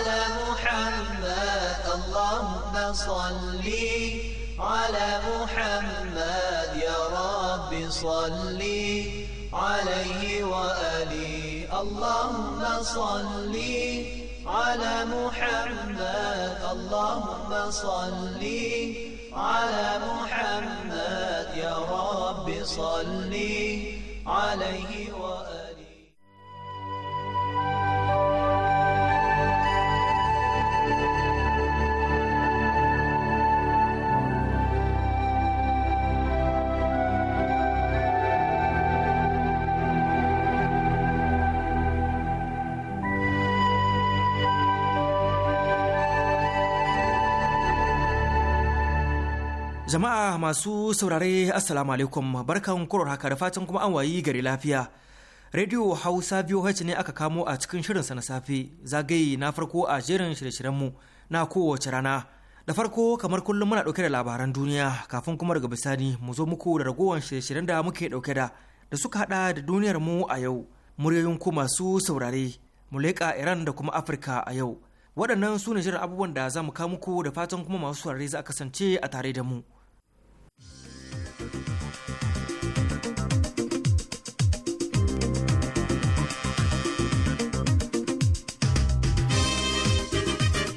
على محمد اللهم صل على محمد يا رب صلي عليه وآله اللهم صلي على محمد اللهم صلي على محمد يا رب صل عليه وآله Jama'a masu saurare Assalamu alaikum barkan kurar haka da fatan kuma an wayi gari lafiya. Radio Hausa biyu VOH ne aka kamo a cikin shirin sa na safe zagaye na farko a jerin shirye-shiryenmu na kowace rana. Da farko kamar kullum muna dauke da labaran duniya kafin kuma daga bisani mu zo muku da ragowar shirye-shiryen da muke dauke da da suka hada da duniyar mu a yau. Muryoyin ku masu saurare mu leƙa Iran da kuma Afirka a yau. Waɗannan su ne jiran abubuwan da za mu kawo muku da fatan kuma masu saurare za a kasance a tare da mu.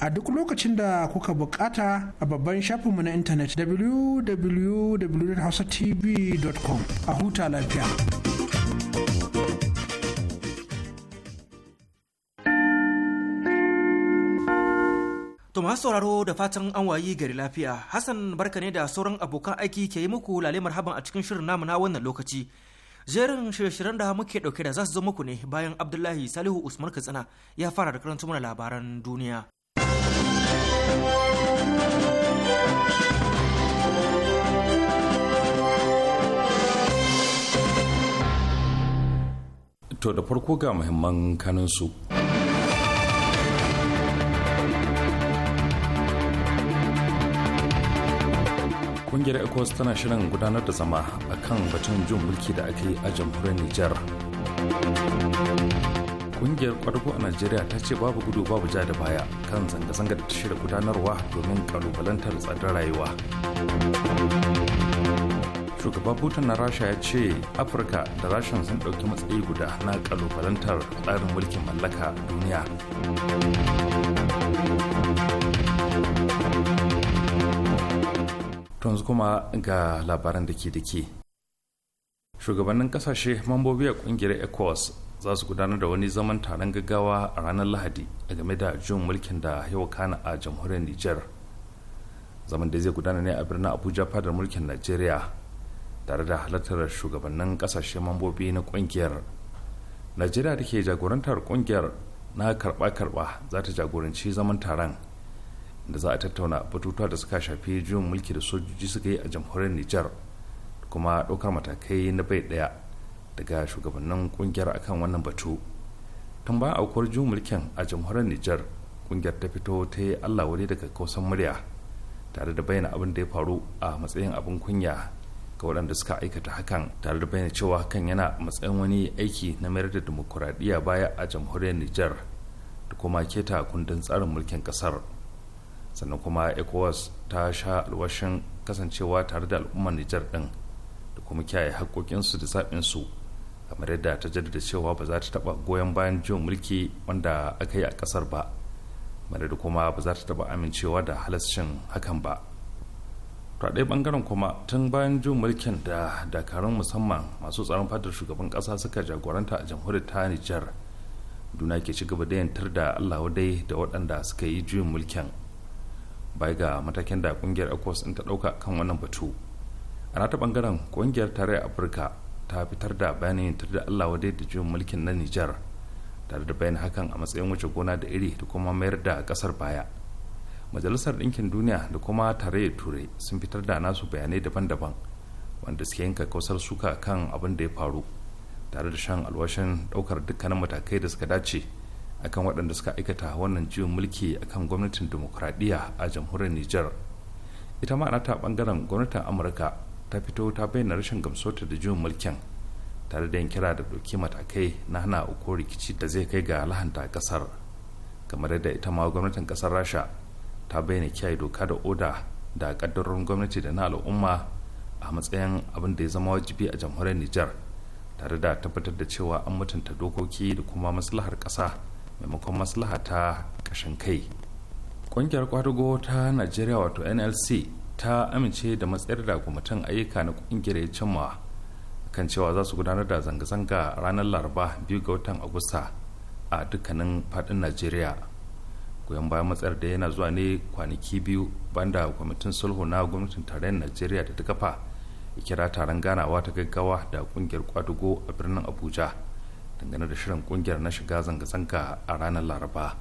a duk lokacin da kuka bukata a babban shafinmu na intanet www.hausatv.com a huta lafiya. To masu sauraro da fatan an wayi gari lafiya, Hassan barka ne da sauran abokan aiki ke yi muku lalemar haban a cikin shirin namu na wannan lokaci. jerin shirye-shiryen da muke dauke da za su zo muku ne bayan abdullahi salihu usman katsina ya fara da karanta mana labaran duniya To da farko ga muhimman kaninsu. Kungiyar ECOWAS tana shirin gudanar da zama a kan batun jin mulki da aka yi a jamhuriyar Nijar. kungiyar kwargo a najeriya ta ce babu gudu babu ja da baya kan zanga-zanga da ta shirya gudanarwa domin kalubalantar tsadar rayuwa shugaban butan na rasha ya ce afirka da rasha sun ɗauki matsayi guda na kalubalantar tsarin mulkin mallaka duniya yanzu kuma ga labaran da ke da shugabannin kasashe mambobi a kungiyar ecowas za su gudanar da wani zaman taron gaggawa a ranar lahadi a game da jin mulkin da ya kana a jamhuriyar niger zaman da zai gudana ne a birnin abuja fadar mulkin najeriya tare da halartar shugabannin kasashe mambobi na kungiyar najeriya da ke jagorantar kungiyar na karba-karba za ta jagoranci zaman taron da za a tattauna batutuwa da suka shafi juyin mulki da sojoji suka yi a jamhuriyar niger kuma ɗaukar matakai na bai ɗaya daga shugabannin kungiyar akan wannan batu tun bayan aukuwar jin mulkin a jamhuriyar niger kungiyar ta fito ta yi allah wani daga kausan murya tare da bayyana abin da ya faru a matsayin abin kunya ga waɗanda suka aikata hakan tare da bayyana cewa hakan yana matsayin wani aiki na mayar da demokuraɗiyya baya a jamhuriyar niger da kuma keta kundin tsarin mulkin ƙasar sannan kuma ecowas ta sha alwashin kasancewa tare da al'ummar niger ɗin da kuma kiyaye haƙƙoƙinsu da zaɓinsu kamar yadda ta jaddada cewa ba za ta taba goyon bayan jin mulki wanda aka yi a kasar ba mare da kuma ba za ta taba amincewa da halascin hakan ba to a ɗaya bangaren kuma tun bayan jin mulkin da dakarun musamman masu tsaron fadar shugaban ƙasa suka jagoranta a jamhuriyar ta nijar duna ke ci gaba da yantar da allah wadai da waɗanda suka yi juyin mulkin bai ga matakin da ƙungiyar ecos ta ɗauka kan wannan batu a nata bangaren ƙungiyar tarayyar afirka ta fitar da bayanin ta da allah wa da juyin mulkin na nijar tare da bayan hakan a matsayin wuce gona da iri da kuma mayar da kasar baya majalisar ɗinkin duniya da kuma tarayyar turai sun fitar da nasu bayanai daban-daban wanda suke yanka kausar suka kan abin da ya faru tare da shan alwashin ɗaukar dukkanin matakai da suka dace akan waɗanda suka aikata wannan juyin mulki akan gwamnatin demokuraɗiyya a jamhuriyar nijar ita ma ta ɓangaren gwamnatin amurka ta fito ta bayyana rashin ta da juyin mulkin tare da yin kira da doki matakai na hana uku rikici da zai kai ga lahanta kasar kamar da ita ma gwamnatin kasar rasha ta bayyana kiyaye doka da oda da kaddarorin gwamnati da na al'umma a matsayin abin da ya zama wajibi a jamhuriyar nijar tare da tabbatar da cewa an mutunta dokoki da kuma maslahar ƙasa maimakon maslaha ta kashin kai ƙungiyar kwadugo ta najeriya wato nlc ta amince da matsayar da gwamnatin ayyuka na kungiyar ya cimma kan cewa za su gudanar da zanga-zanga ranar laraba biyu ga watan agusta a dukkanin fadin najeriya goyon bayan matsayar da yana zuwa ne kwanaki biyu banda kwamitin sulhu na gwamnatin tarayyar najeriya da ta kafa ya kira taron ganawa ta gaggawa da kungiyar kwadugo a birnin abuja dangane da shirin kungiyar na shiga zanga-zanga a ranar laraba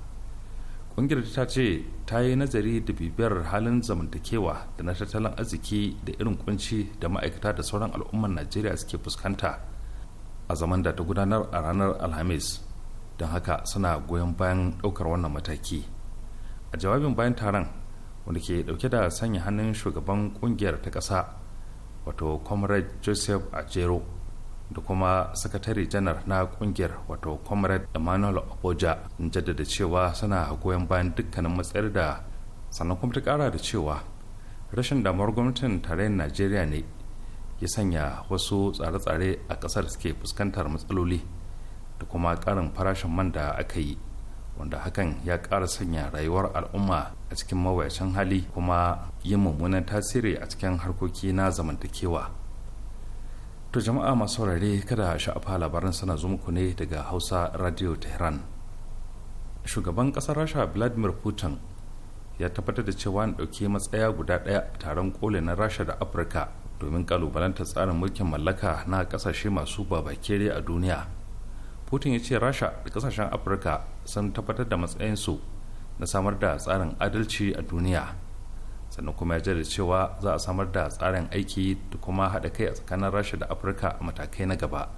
kungiyar ta ce ta yi nazari da bibiyar halin zamantakewa da na tattalin arziki da irin kunci da ma'aikata da sauran al'ummar najeriya suke fuskanta a zaman da ta gudanar a ranar alhamis don haka suna goyon bayan ɗaukar wannan mataki a jawabin bayan taron wanda ke dauke da sanya hannun shugaban kungiyar ta ƙasa wato comrade joseph ajero da kuma sakatare janar na kungiyar wato comrade emmanuel oboja in jaddada cewa suna goyon bayan dukkanin matsayar da sannan kuma ta kara da cewa rashin damar gwamnatin tarayyar najeriya ne ya sanya wasu tsare-tsare a kasar suke fuskantar matsaloli da kuma karin farashin man da aka yi wanda hakan ya ƙara sanya rayuwar al'umma a cikin mawuyacin hali kuma yin mummunan tasiri a cikin harkoki na zamantakewa to jama'a masu saurare kada sha'afa labaran sana zo muku ne daga hausa radio tehran shugaban ƙasar rasha vladimir putin ya tabbatar da cewa an ɗauki matsaya guda ɗaya a taron kole na rasha da afirka domin kalubalantar tsarin mulkin mallaka na ƙasashe masu babakere a duniya putin ya ce rasha da ƙasashen afirka sun tabbatar da matsayinsu na samar da tsarin adalci a duniya sannan kuma ya da cewa za a samar da tsarin aiki da kuma haɗa kai a tsakanin rasha da afirka a matakai na gaba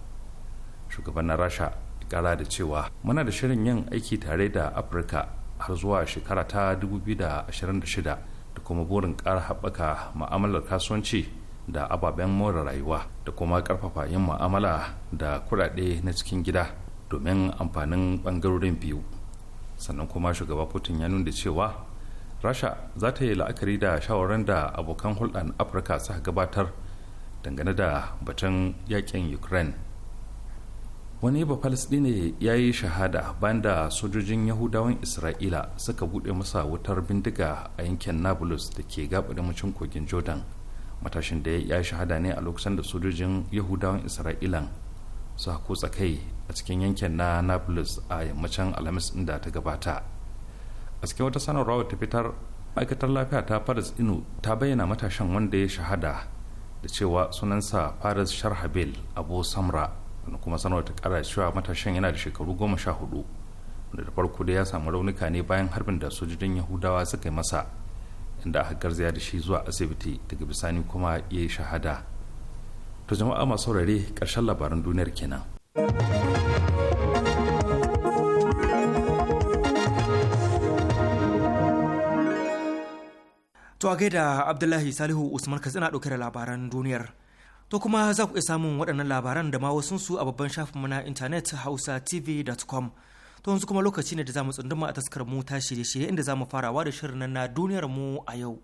shugaban na rasha kara da cewa muna da shirin yin aiki tare da afirka har zuwa shekara ta 2026 da kuma burin ƙara haɓaka ma'amalar kasuwanci da ababen more rayuwa da kuma ƙarfafa yin ma'amala da kuɗaɗe na cikin gida domin amfanin ɓangarorin biyu sannan kuma shugaba putin ya nuna cewa rasha za ta yi la'akari da shawarar da abokan hulɗar afirka suka gabatar dangane da batun yakin ukraine wani ne ya yi shahada bayan da sojojin yahudawan isra'ila suka buɗe masa wutar bindiga a yankin nablus da ke gaɓaɗin kogin jordan matashin da ya shahada ne a lokacin da sojojin yahudawan isra'ila suka kutsa kai a cikin yankin na nablus a yammacin alhamis inda ta gabata a cikin wata sanarwa ta fitar ma'aikatar lafiya ta faris inu ta bayyana matashan wanda ya shahada da cewa sunansa faris sharhabil abu samra wani kuma sanarwa ta kara cewa matashan yana da shekaru goma sha hudu wanda da farko da ya samu raunuka ne bayan harbin da sojojin yahudawa suka yi masa inda aka garzaya da shi zuwa asibiti daga bisani kuma ya yi shahada to jama'a masu saurare karshen labaran duniyar kenan To a gaida Abdullahi Salihu Usman Katsina ɗauke da labaran duniyar. To kuma za ku iya samun waɗannan labaran da ma wasu su a babban shafinmu na intanet hausatv.com. To yanzu kuma lokaci ne da za mu tsunduma a taskar mu ta shirye-shirye inda za mu farawa da shirin na duniyar mu a yau.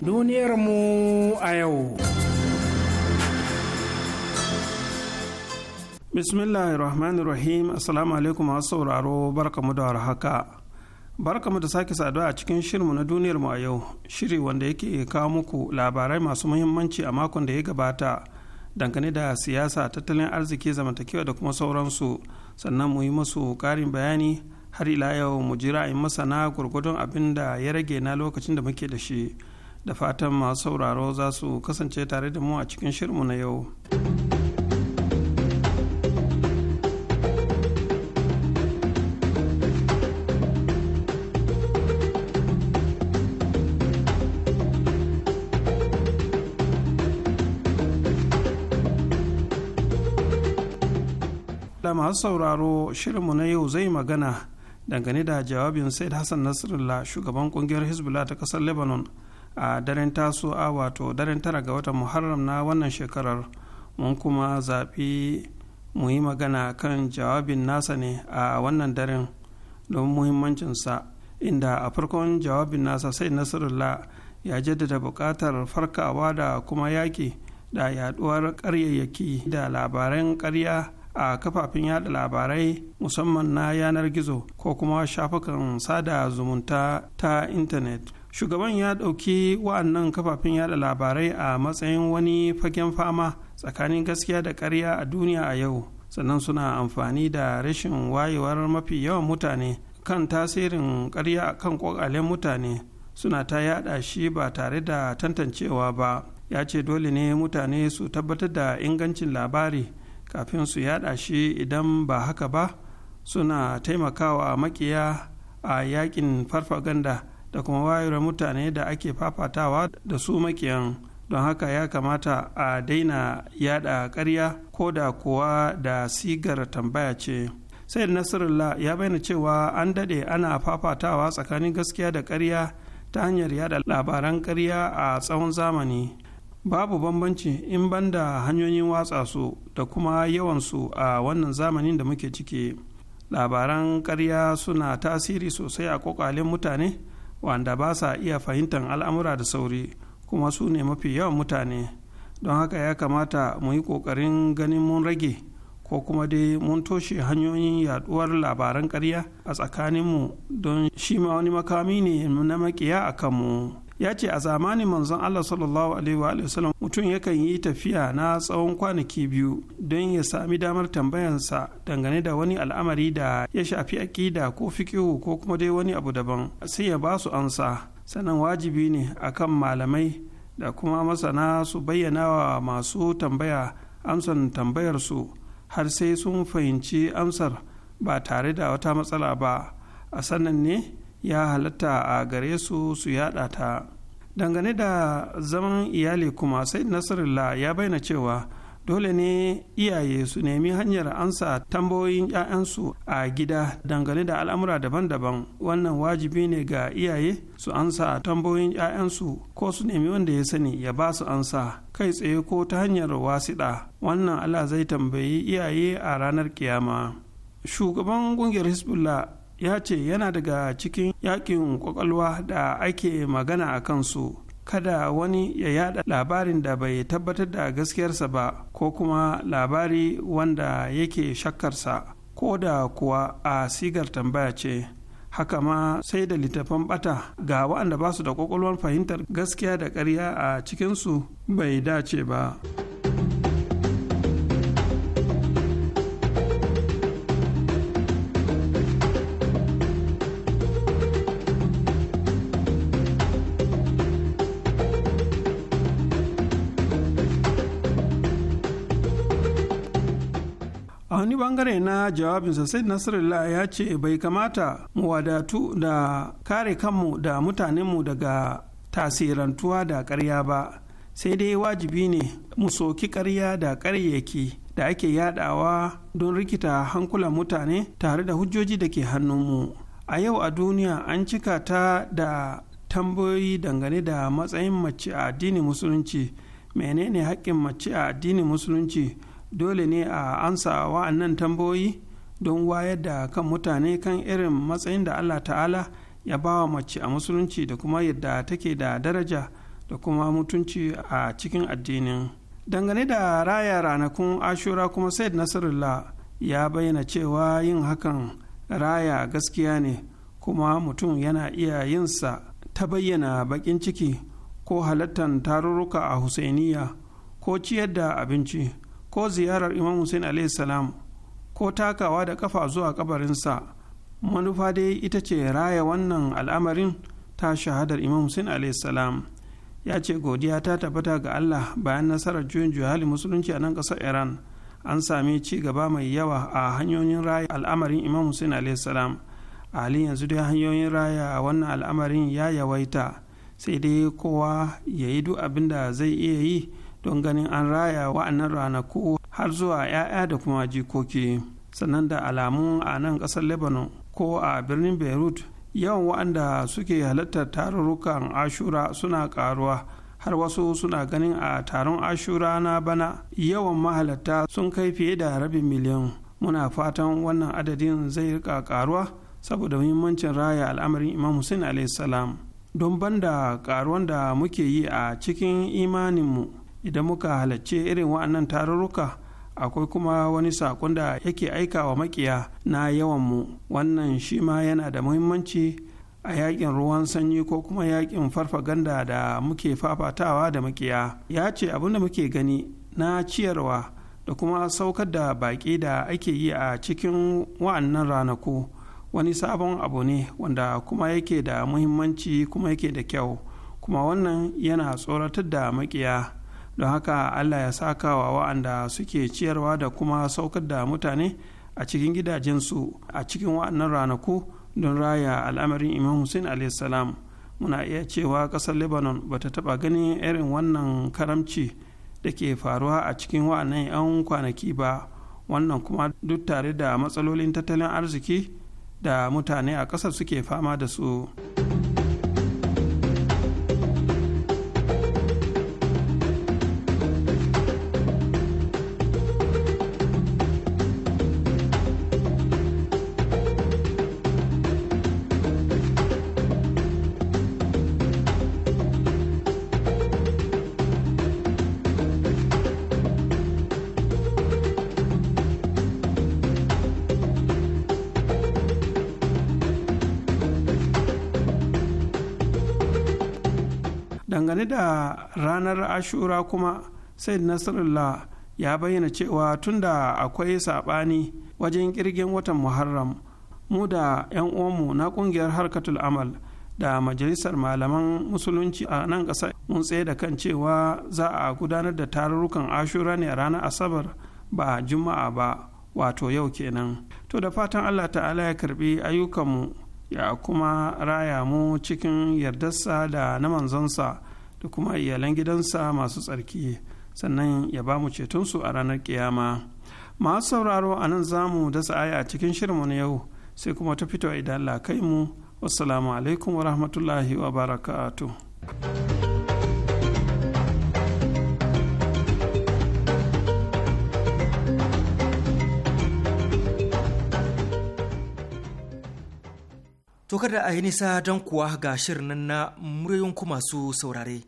Duniyar mu a yau. rahim assalamu alaikum masu sauraro barkamu da warhaka barkamu da sake saduwa a cikin shirinmu na duniyar mu a yau shiri wanda yake kawo muku labarai masu muhimmanci a makon da ya gabata dangane da siyasa tattalin arziki zamantakewa da kuma sauransu sannan mu yi musu karin bayani har ila yau mu jira in masana gwargwadon abin da ya rage na lokacin da muke da shi da fatan masu sauraro za su kasance tare da mu a cikin shirinmu na yau. masu sauraro shirinmu na yau zai magana dangane da jawabin said hassan nasrullah shugaban kungiyar hezbollah ta kasar lebanon a daren taso a wato daren tara ga watan muharram na wannan shekarar mun kuma zaɓi mu yi magana kan jawabin nasa ne a wannan daren don muhimmancinsa inda a farkon jawabin nasa sai nasarullah ya jaddada buƙatar farkawa da kuma yaƙi da yaɗuwar ƙaryayyaki da labaran ƙarya a kafafen yada labarai musamman na yanar gizo ko kuma shafukan sada zumunta ta intanet shugaban ya ɗauki wa'annan kafafen yada labarai a matsayin wani fagen fama tsakanin gaskiya da ƙarya a duniya a yau sannan suna amfani da rashin wayewar mafi yawan mutane kan tasirin ƙarya a kan ƙwaƙalen mutane suna ta yada shi ba tare da tantancewa ba ya ce dole ne mutane su tabbatar da ingancin labari kafin su yada shi idan ba haka ba suna taimakawa makiya a yakin farfaganda da kuma wayar mutane da ake fafatawa da su makiyan don haka ya kamata a daina yada karya ko da kuwa da sigar tambaya ce sai nasarullah ya bayyana cewa an dade ana fafatawa tsakanin gaskiya da karya ta hanyar yada labaran karya a tsawon zamani babu bambanci in banda hanyoyin watsa su da kuma yawan su a wannan zamanin da muke ciki labaran ƙarya suna tasiri sosai a ƙwaƙwalen mutane wanda ba sa iya fahimtar al'amura da sauri kuma su ne mafi yawan mutane don haka ya kamata mu yi ƙoƙarin ganin mun rage ko kuma dai mun toshe hanyoyin yaduwar labaran ƙarya a tsakaninmu don shi ma wani makami ne na makiya a kanmu. ya ce a zamanin manzon Allah sallallahu alaihi wa sallam mutum yakan yi tafiya na tsawon kwanaki biyu don ya sami damar tambayansa dangane da wani al'amari da ya shafi aƙida ko fikihu ko kuma dai wani abu daban sai ya ba su ansa sannan wajibi ne akan malamai da kuma masana su bayyana wa masu tambaya amsan su har sai sun fahimci amsar ba tare da wata matsala ba a sannan ne ya halatta a gare su su yada ta dangane da zaman iyali kuma sai nasarullah ya bayyana cewa dole ne iyaye su nemi hanyar ansa tambayoyin 'ya'yansu a gida dangane da al'amura daban-daban wannan wajibi ne ga iyaye su ansa tambayoyin 'ya'yansu ko su nemi wanda ya sani ya ba su ansa kai tsaye ko ta hanyar wasiɗa wannan allah zai tambayi iyaye a ranar kiyama shugaban kungiyar hezbollah ya ce yana daga cikin yakin kwakwalwa da ake magana a kansu kada wani ya yada labarin da bai tabbatar da gaskiyarsa ba ko kuma labari wanda yake shakkarsa ko da kuwa a sigar tambaya ce haka ma sai da littafan bata ga waɗanda ba su da kwakwalwar fahimtar gaskiya da ƙarya a cikinsu bai dace ba. bangare na jawabinsa sai nasarallah ya ce bai kamata mu wadatu da kare kanmu da mutanenmu daga tasirantuwa da ƙarya ba sai dai wajibi ne mu soki ƙarya da ƙaryaki da ake yadawa don rikita hankulan mutane tare da hujjoji da ke hannunmu a yau a duniya an cika ta da tambayoyi dangane da matsayin mace a addinin musulunci menene haƙƙin mace a addinin musulunci dole ne a ansa wa'annan tambayoyi don wayar da kan mutane kan irin matsayin da allah ta'ala ya ba wa mace a musulunci da kuma yadda take da daraja da kuma mutunci a cikin addinin dangane da raya ranakun ashura kuma said nasarullah ya bayyana cewa yin hakan raya gaskiya ne kuma mutum yana iya yinsa ta bayyana bakin ciki ko halattar tarurruka a husainiya ko ciyar da abinci ko ziyarar imam hussein alaihi ko takawa da kafa zuwa kabarinsa manufa dai ita ce raya wannan al'amarin ta shahadar imam hussein alaihi ya ce godiya ta tabbata ga allah bayan nasarar juyin juhali musulunci a nan kasar iran an sami ci gaba mai yawa a hanyoyin raya al'amarin imam hussein alaihi salam a halin yanzu dai hanyoyin raya a wannan al'amarin ya yawaita sai dai kowa ya yi duk abin da zai iya yi don ganin an raya wa'annan ranaku har zuwa 'ya'ya da kuma jikoki sannan da alamu a nan ƙasar lebanon ko a birnin beirut yawan wa'anda suke halartar tarurrukan ashura suna karuwa har wasu suna ganin a taron ashura na bana yawan mahalarta sun kai fiye da rabin miliyan muna fatan wannan adadin zai rika karuwa saboda muhimmancin raya al'amarin imam hussein a.s. don banda karuwan da muke yi a cikin imaninmu idan muka halarci irin wa'annan tarurruka akwai kuma wani sakon da yake aika wa makiya na yawan mu. wannan shi ma yana da muhimmanci a yakin ruwan sanyi ko kuma yakin farfaganda da muke fafatawa da makiya ya ce abin da muke gani na ciyarwa da kuma saukar da baƙi da ake yi a cikin wa'annan ranaku wani sabon abu ne wanda kuma yake da muhimmanci kuma yake da kyau kuma wannan yana tsoratar da makiya don haka allah ya saka wa wa'anda suke ciyarwa da kuma saukar da mutane a cikin gidajensu a cikin wa'annan ranaku don raya al'amarin imam hussein salam muna iya cewa ƙasar lebanon ba ta taɓa ganin irin wannan karamci da ke faruwa a cikin wa'annan 'yan kwanaki ba wannan kuma duk tare da matsalolin tattalin arziki da mutane a ƙasar suke fama da su. da ranar ashura kuma said nasarallah ya bayyana cewa tunda akwai saɓani wajen kirgin watan muharram mu da 'yan uwanmu na ƙungiyar harkatul amal da majalisar malaman musulunci a nan ƙasa mun tsaye da kan cewa za a gudanar da tarurrukan ashura ne a ranar asabar ba juma'a ba wato yau kenan to da fatan allah ta'ala ya karbi ayyukanmu ya kuma raya mu cikin yardarsa da na manzonsa da kuma iyalan gidansa masu tsarki sannan ya ba mu cetonsu a ranar kiyama masu sauraro a nan za mu dasa aya a cikin shirinmu na yau sai kuma ta fito idan Allah kai mu wassalamu alaikum wa rahmatullahi wa barakatu. To kada a yi nisa don kuwa ga shirin nan na muryoyin masu saurare.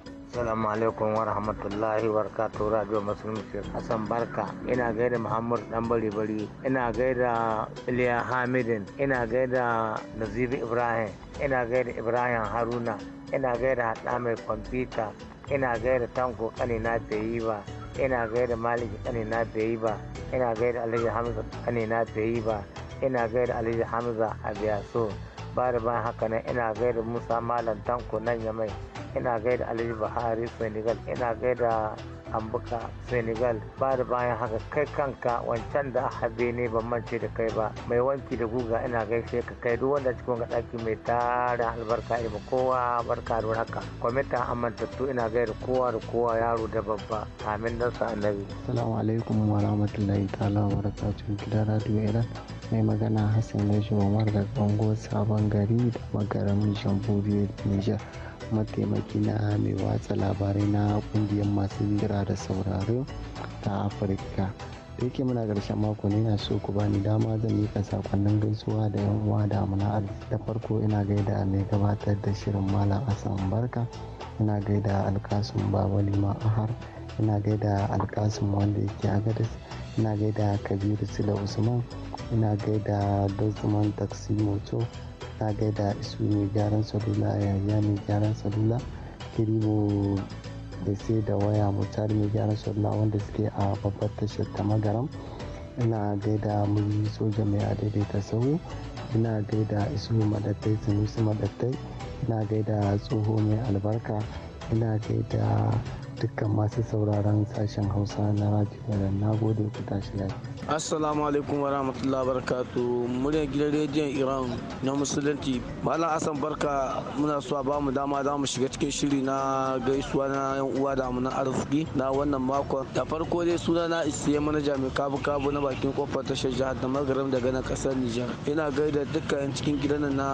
Assalamu alaikum wa rahmatullahi wa barakatuh Radio Musulunci Hassan Barka ina gaida Muhammad Dan Bari Bari ina gaida Iliya Hamidin ina gaida Nazibi Ibrahim ina gaida Ibrahim Haruna ina gaida Hada mai kwamfuta ina gaida Tanko kani na bayi ba ina gaida Malik kani na bayi ba ina gaida Alhaji Hamza kani na bayi ba ina gaida Alhaji Hamza Abiyaso. ba da ban haka nan ina gaida musa malam tanko nan ya mai ina gaida alhaji bahari senegal ina gaida an buka senegal ba da bayan haka kai kanka wancan da habe ne ban mance da kai ba mai wanki da guga ina gaishe ka kai duk wanda cikin ɗaki mai tara albarka ilmi kowa barka da haka kwamita amintattu ina da kowa da kowa yaro da babba amin dan sa annabi assalamu alaikum wa rahmatullahi ta'ala wa barakatuhu gidan radio iran mai magana hassan lashi umar daga bango sabon gari da magaram jamhuriyar niger mataimaki na mai watsa labarai na kungiyar masu jira da sauraro ta afirka da yake muna ƙarshen mako ne na so ku bani dama zan yi miƙa sakonnin gaisuwa da yan uwa da muna da farko ina gaida mai gabatar da shirin malam asan barka ina gaida alkasun baba lima ahar ina gaida alkasun wanda yake agadis ina gaida kabiru sila usman ina gaida dozman taksi moto ka gaida isu mai gyaran salula a yaya mai gyaran salula kiribo da sai da waya mutane mai gyaran salula wanda suke a babbar tashar ta magaram ina gaida muyi soja mai ta sahu ina gaida isu madattai sunusu madattai ina gaida tsoho mai albarka ina gaida dukkan masu sauraron sashen hausa na radio iran na gode ku tashi lafiya assalamu alaikum wa rahmatullahi barakatu muryar gidan rediyon iran na musulunci malam asan barka muna suwa ba mu dama za mu shiga cikin shiri na gaisuwa na yan uwa da na arziki na wannan makon da farko dai suna na isiye manaja mai kabu kabu na bakin kofar tashar jihar da magaram daga na kasar nijar ina gaida dukkan yan cikin gidan na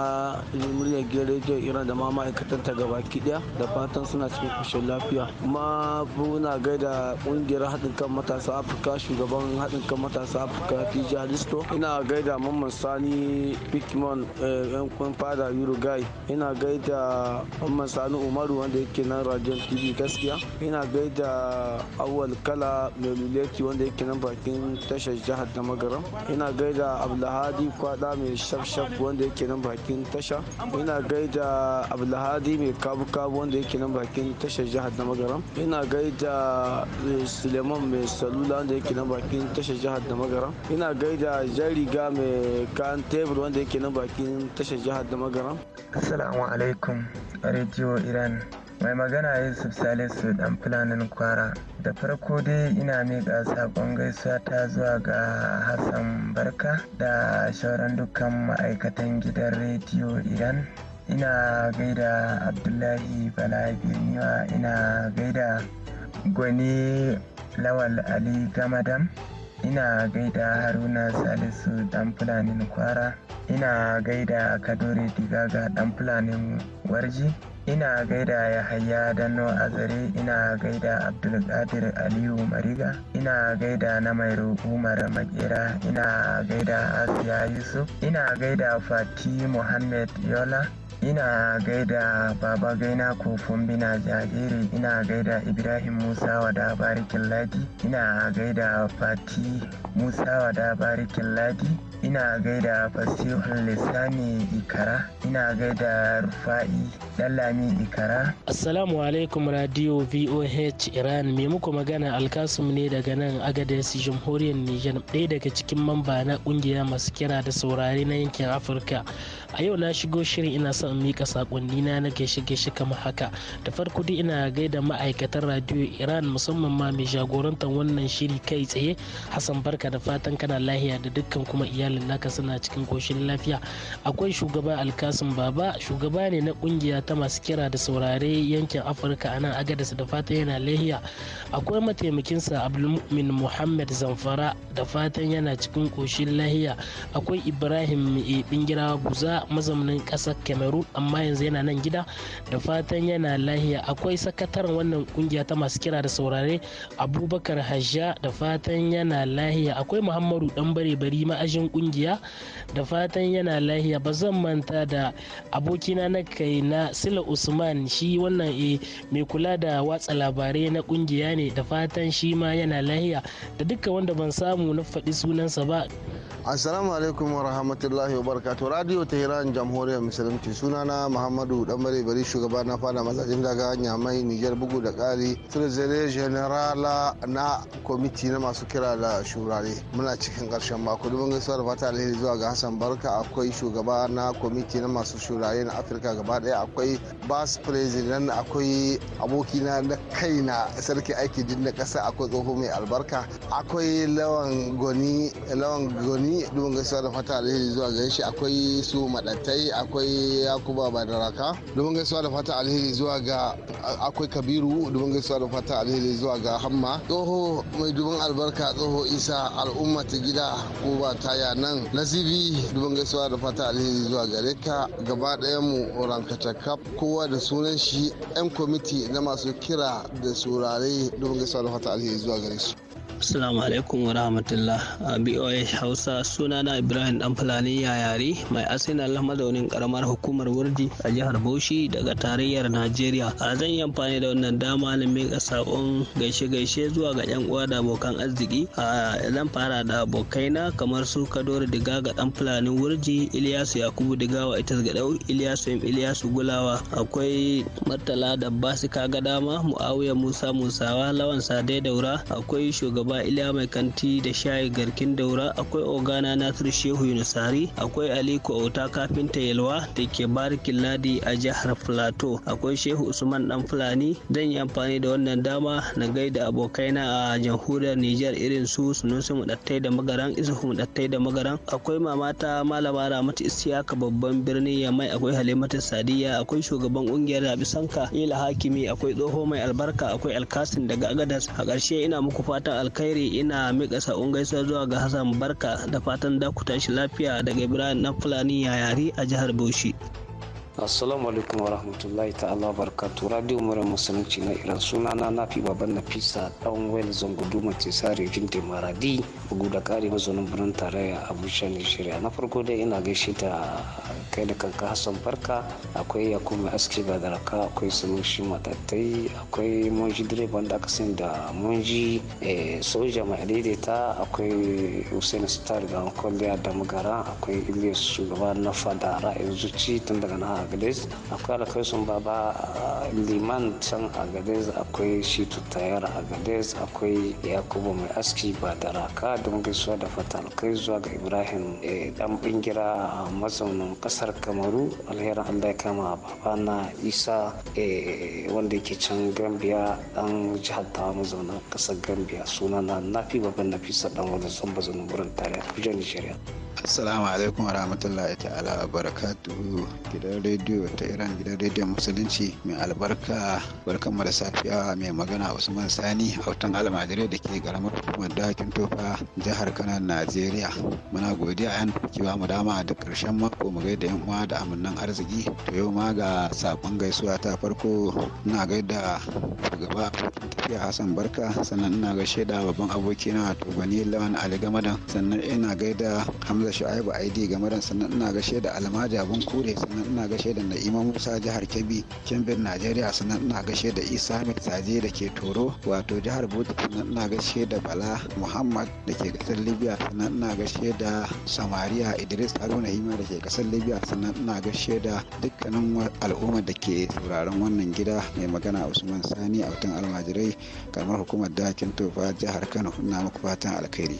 muryar gidan rediyon iran da ma ma'aikatan ta gaba daya da fatan suna cikin kushin lafiya kuma kuma muna gaida kungiyar haɗin kan matasa afirka shugaban haɗin kan matasa afirka tijiya listo ina gaida mamman sani pikman yan eh, kun fada uruguay ina gaida mamman sani umaru wanda yake nan radion tv gaskiya ina gaida awal kala meluleki wanda yake nan bakin tashar jihar da magaram ina gaida abdulhadi kwada mai shafshaf wanda yake nan bakin tasha ina gaida abdulhadi mai kabu kabu wanda yake nan bakin tashar jihar da magaram ina gaida eh, suleiman mai salula wanda yake nan bakin tashar jihar da magara ina gaida riga mai kan tebur wanda yake nan bakin tashar jihar da magara assalamu alaikum rediyo iran mai magana yusuf salisu dan fulanin kwara da farko dai ina miƙa saƙon gaisuwa ta zuwa ga hassan barka da shauran dukkan ma'aikatan gidan rediyo iran ina gaida abdullahi bala birniwa ina gaida gwani lawal ali gamadam ina gaida haruna salisu dan fulanin kwara ina gaida kadore digaga dan fulanin warji ina gaida yahaya danno azare ina gaida abdulkadir aliyu mariga ina gaida na mairo umar makera ina gaida asiya yusuf ina gaida fati muhammad yola ina gaida baba gaina kofin bina jariri ina gaida ibrahim musa wada barikin ladi ina gaida fati musa wada barikin ladi ina gaida fasihun lissani ikara ina gaida rufa'i dallami ikara assalamu alaikum radio voh iran mai muku magana alkasum ne daga nan agadez jamhuriyar niger ɗaya daga cikin mamba na ƙungiya masu kira da saurari na yankin afirka a yau na shigo shirin ina son so mika sakonni na na shige gaishe kamar haka da farko dai ina gaida ma'aikatan radio iran musamman ma mai jagorantar wannan shiri kai tsaye hassan barka da fatan kana lahiya da dukkan kuma iyalin naka suna cikin koshin lafiya akwai shugaba alkasim baba shugaba ne na kungiya ta masu kira da saurare yankin afirka a nan agadas da fatan yana lahiya akwai mataimakin mataimakinsa abdulmumin muhammad zamfara da fatan yana cikin koshin lahiya akwai ibrahim bingira buza mazaunin ƙasar cameroon shekaru amma yanzu yana nan gida da fatan yana lahiya akwai sakataren wannan kungiya ta masu kira da saurare abubakar hajja da fatan yana lahiya akwai muhammadu dan bare bari ma'ajin kungiya da fatan yana lahiya ba zan manta da abokina na kai na sila usman shi wannan e, mai kula da watsa labarai na kungiya ne da fatan shi ma yana lahiya da duka wanda ban samu na faɗi sunansa ba Assalamu alaikum wa rahmatullahi wa barakatu Radio Tehran Jamhuriyar Musulunci sunana Muhammadu dan Bari shugaba na fada mazajen daga Nyamai Nijar bugu da kari Tirzere Generala na kwamiti na masu kira da shurare muna cikin karshen mako domin gaisuwa da fata alheri zuwa ga Hassan Barka akwai shugaba na kwamiti na masu shurare na Afirka gaba daya akwai Bas President akwai abokina na kaina sarki aiki din da kasa akwai tsoho mai albarka akwai lawan goni lawan goni ni dubin gaisuwa da fata alheri zuwa gare shi akwai su madatai akwai yakuba badaraka dubin gaisuwa da fata alheri zuwa ga akwai kabiru dubin gaisuwa da fata alheri zuwa ga hamma tsoho mai dubin albarka tsoho isa al'umma ta gida ko ba ta ya nan nasibi dubin gaisuwa da fata alheri zuwa gare ka gaba ɗayan mu rankata kaf kowa da sunan shi yan kwamiti na masu kira da surare dubin gaisuwa da fata alheri zuwa gare su Assalamu alaikum wa rahmatullah. A BOA Hausa sunana Ibrahim Dan Fulani Yayari mai asina madaunin karamar hukumar Wurdi a jihar Bauchi daga tarayyar Najeriya. A zan yi amfani da wannan dama na mika saƙon gaishe-gaishe zuwa ga 'yan uwa da abokan arziki. A zan fara da abokaina kamar su Kadori Diga ga Dan Fulani Wurji, Iliyasu Yakubu Digawa ita ga Dau, Iliyasu Im Iliyasu Gulawa. Akwai martala da Basika Gadama, Muawiya Musa Musawa, Lawan Sade Daura, akwai shugaban Ba iliya mai kanti da shayi garkin daura akwai ogana nasiru shehu yunusari akwai aliko auta kafinta yalwa da ke barikin ladi a jihar plateau akwai shehu usman dan fulani zan yi amfani da wannan dama na gaida abokaina a jamhuriyar Nijar, irin su sunusi mudattai da magaran isuhu mudattai da magaran akwai mamata malama ramatu isiyaka babban birnin yamai akwai halimatu sadiya akwai shugaban ƙungiyar rabi sanka ila hakimi akwai tsoho mai albarka akwai alkasin daga agadas a ƙarshe ina muku fatan alkasin alkhairi ina miƙa sa'un gaisuwa zuwa ga Hassan Barka da fatan da ku tashi lafiya daga Ibrahim na Fulani yayari a jihar Bauchi. assalamu alaikum wa rahmatullahi ta'ala barkatu radio mura musulunci na iran suna na nafi baban fisa dan zango duma ce sare jin maradi bugu da kare mazaunin birnin tarayya abuja nigeria na farko dai ina gaishe da kai da kanka hassan barka akwai yakubu aski badaraka akwai shi matattai akwai monji direban da aka sani da monji eh, soja mai daidaita akwai hussein star ga kwalliya da magara akwai ilyas shugaba na fada ra'ayin zuci tun daga na agadez akwai ba baba liman can agadez akwai shitu tayar agadez akwai yakubu mai aski ba da raka don gaisuwa da fata alkaizuwa zuwa ga ibrahim eh, dan bingira a mazaunin kasar kamaru alherin allah ya kama baba na isa eh, wanda yake can gambia dan jihar ta mazaunin kasar gambia sunana nafi na nafisa ɗan wani zamba zanen wurin tare a kujen nigeria Assalamu alaikum wa rahmatullahi ta'ala wa barakatuhu gidan rediyo ta Iran gidan rediyo musulunci mai albarka barkan mu da safiya mai magana Usman Sani a wutan almajire da ke karamar hukumar dakin tofa jihar Kano Najeriya muna godiya yan ki mu dama da karshen mako mu gaida yan uwa da amannan arziki to yau ma ga sakon gaisuwa ta farko ina gaida gaba tafiya Hassan Barka sannan ina gaishe da babban abokina wato Gwani Lawan Ali Gamadan sannan ina gaida Hamza da shu'aibu aidi game da sannan ina gashe da almaja abun kure sannan ina gashe da na'ima musa jihar kebbi kimbin najeriya sannan ina gashe da isa mai saje da ke toro wato jihar bauchi sannan ina gashe da bala muhammad da ke kasar libya sannan ina gashe da samariya idris haruna hima da ke kasar libya sannan ina gashe da dukkanin al'ummar da ke sauraron wannan gida mai magana usman sani a wutan almajirai karamar hukumar dakin tofa jihar kano ina muku fatan alkhairi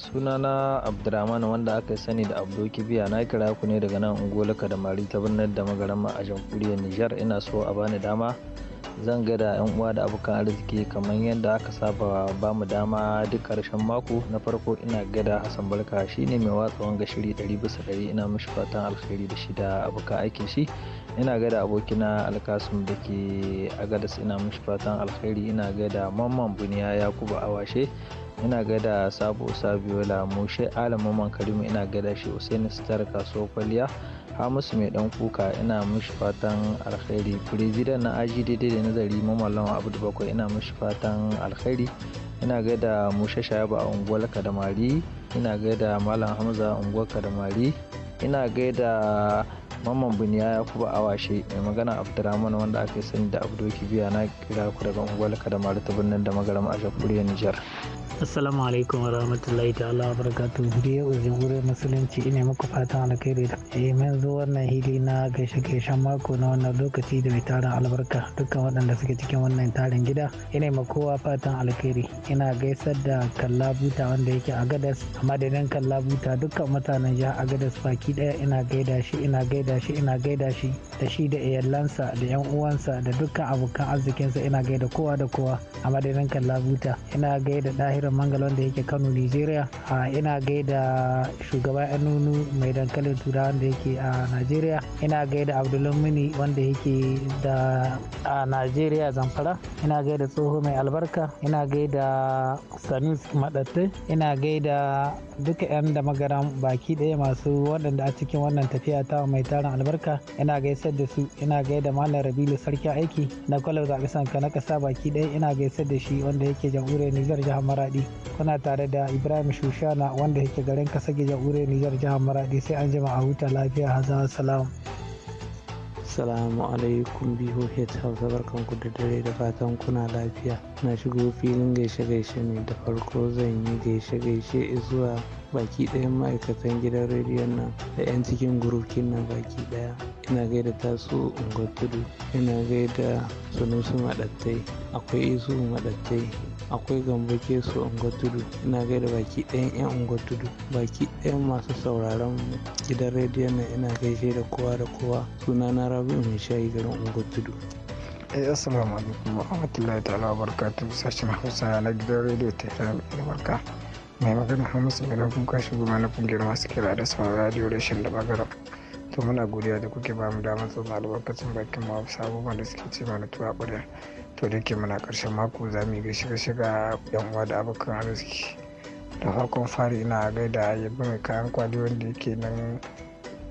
sunana abdulrahman wanda aka sani da abdo kibiya na kira ku ne daga nan ungolaka da mari ta birnin da magarama a jamhuriyar nijar ina so a bani dama zan ga da yan uwa da abokan arziki kamar yadda aka saba ba mu dama duk karshen mako na farko ina gada hassan barka shine mai watsa wanga shiri ɗari bisa ɗari ina mishi fatan alheri da shi da abokan aikin shi ina gada abokina alkasum da ke agadas ina mishi fatan alheri ina gada mamman buniya yakubu awashe ina gaida sabo sabiola mushe alamu karimu ina gaida shi usaini sitar kasuwar kwalliya hamisu mai dan kuka ina mishi fatan alkhairi president na aji daidai da nazari mamallan abu bakwai ina mishi fatan alkhairi ina gaida mushe shayaba a unguwar kadamari ina gaida malam hamza a unguwar kadamari ina gaida mamman buniya ya kuba awashe mai magana abdurrahman wanda aka yi sani da abdoki biya na kira ku daga unguwar kadamari ta birnin da magaram a jamhuriyar nijar assalamu alaikum warahmatullahi ta'ala barakatu biyu jamhuriyar musulunci ina muku fatan alkhairi da eh zo wannan hili na gaishe gaishen mako na wannan lokaci da mai tarin albarka dukkan waɗanda suke cikin wannan tarin gida ina ma kowa fatan alkhairi ina gaisar da kalla buta wanda yake a gadas a madadin kalla buta dukkan mutanen jihar Gadas? baki ɗaya ina gaida shi ina gaida shi ina gaida shi da shi da iyalansa da yan uwansa da dukkan abokan arzikinsa ina gaida kowa da kowa a madadin kalla buta ina gaida dahirin jihar mangal wanda yake kano nigeria ina gaida shugaba yanunu mai dankalin tura wanda yake a nigeria ina gaida abdulmini wanda yake da a nigeria zamfara ina gaida tsoho mai albarka ina gaida sanus madatte ina gaida duka 'yan da magaran baki ɗaya masu waɗanda a cikin wannan tafiya ta mai tarin albarka ina gaisar da su ina gaida malam rabilu sarki aiki na kwalar zaɓe sanka na kasa baki ɗaya ina gaisar da shi wanda yake jamhuriyar nijar jihar maraɗi maradi kuna tare da ibrahim shushana wanda yake garin kasage jamhuriyar niger jihar maradi sai an jima a huta lafiya haza salam salamu alaikum hit Hausa barkanku da dare da fatan kuna lafiya. Na shigo filin gaishe-gaishe ne da farko zan yi gaishe-gaishe zuwa baki ɗayan ma'aikatan gidan rediyon nan da 'yan cikin gurukin nan baki ɗaya. Ina gaida tasu tudu ina gaida Sunusu Maɗattai, akwai Isu Maɗattai, akwai gambo kesu tudu ina gaida baki ɗayan yan tudu baki ɗayan masu sauraron gidan rediyon nan ina gaishe da kowa da kowa suna na rabi mai shayi garin ai eh, assalamu alaikum wa rahmatullahi ta'ala wa barakatu sashen hausa na gidan rediyo ta iran albarka mai magana hamisu mai da kwashe goma na kungiyar masu kira da sauran radiyo rashin da bagara to muna godiya da kuke ba mu damar zama albarkacin bakin mu sabuwa da suke ce na tuwa ƙwarya to da ke muna ƙarshen mako za mu yi gaishe ga yan uwa da abokan arziki da farkon fari ina gaida yabi mai kayan kwali wanda yake nan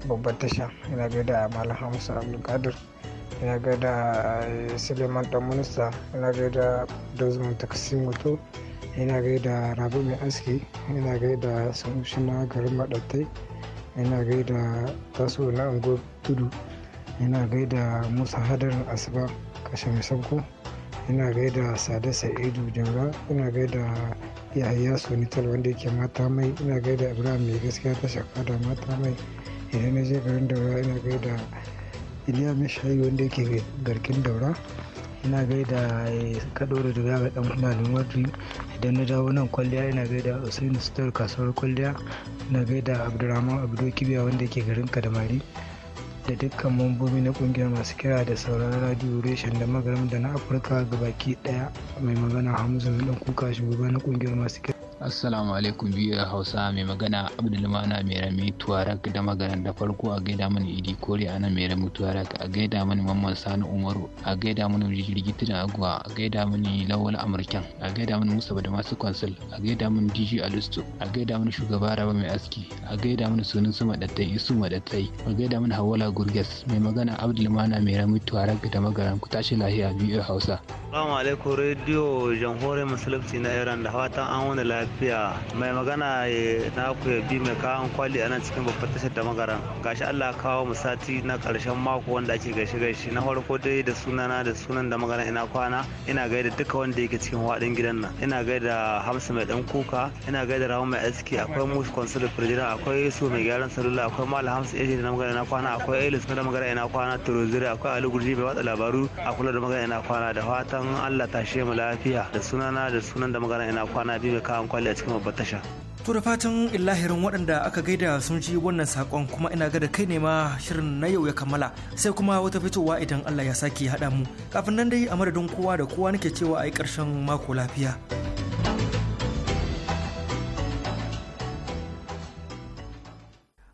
babban tasha ina gaida malam hamsa abdulkadir ina gaida eh, suleiman dan minista ina gaida dozman takasin mutu ina gaida rabu mai aski ina gaida sanushi na garin maɗattai ina gaida taso na ungo tudu ina gaida musa hadarin Asiba kashe mai sauko. ina gaida sada sa'idu janga ina gaida yahaya sunital wanda yake mata mai ina gaida ibrahim mai gaskiya ta shaka da mata mai idan na je garin daura ina gaida iliya mishayi wanda yake garkin daura ina gaida eh, kadoro da ga dan fulani wadri idan na dawo nan kwalliya ina gaida usaini sutar kasuwar kwalliya ina gaida abdurrahman abdul kibiya wanda yake garin kadamari da dukkan mambobi na kungiyar masu kira da sauraron radio reshen da magaram da na afirka baki daya mai magana hamza mai dan kuka shugaba na kungiyar masu kira assalamu alaikum biyu hausa mai magana abdulmana mai rami tuwarak da magana da farko a gaida mani idi kore ana mai rami tuwarak a gaida mani mamman sani umaru a gaida mani jirgitin aguwa a gaida mani lawal amurkan a gaida mani musa da masu kwansil a gaida mani dj alisto a gaida mani shugaba raba mai aski a gaida mani sunan su madattai isu madattai a gaida mani hawala gurgas mai magana abdulmana mai rami tuwarak da magana ku tashi lahiya biyu hausa. Assalamu alaikum radio jamhuriyar musulunci na Iran da fatan an wani lafiya lafiya mai magana eh, na ku bi mai kawon kwali a nan cikin babbar tashar da magaran gashi Allah kawo mu na karshen mako wanda ake gaishe gaishe na farko dai da sunana da sunan da magana ina kwana ina gaida duka wanda yake cikin waɗin gidan nan ina gaida Hamsa mai dan kuka ina gaida Rawu mai aski akwai Musa Consul President akwai yesu mai gyaran salula akwai Malam Hamsa yaji da magana ina kwana akwai Elis na magana ina kwana Turozire akwai Ali Gurji mai watsa labaru a kula da magana ina kwana da fatan Allah tashe mu lafiya da sunana da sunan da magana ina kwana bi mai kawon kwali kwali a cikin babbar tasha. To da fatan illahirin waɗanda aka gaida sun ji wannan saƙon kuma ina ga da kai ne ma shirin na yau ya kammala sai kuma wata fitowa idan Allah ya sake haɗa mu. Kafin nan dai a madadin kowa da kowa nake cewa a yi ƙarshen mako lafiya.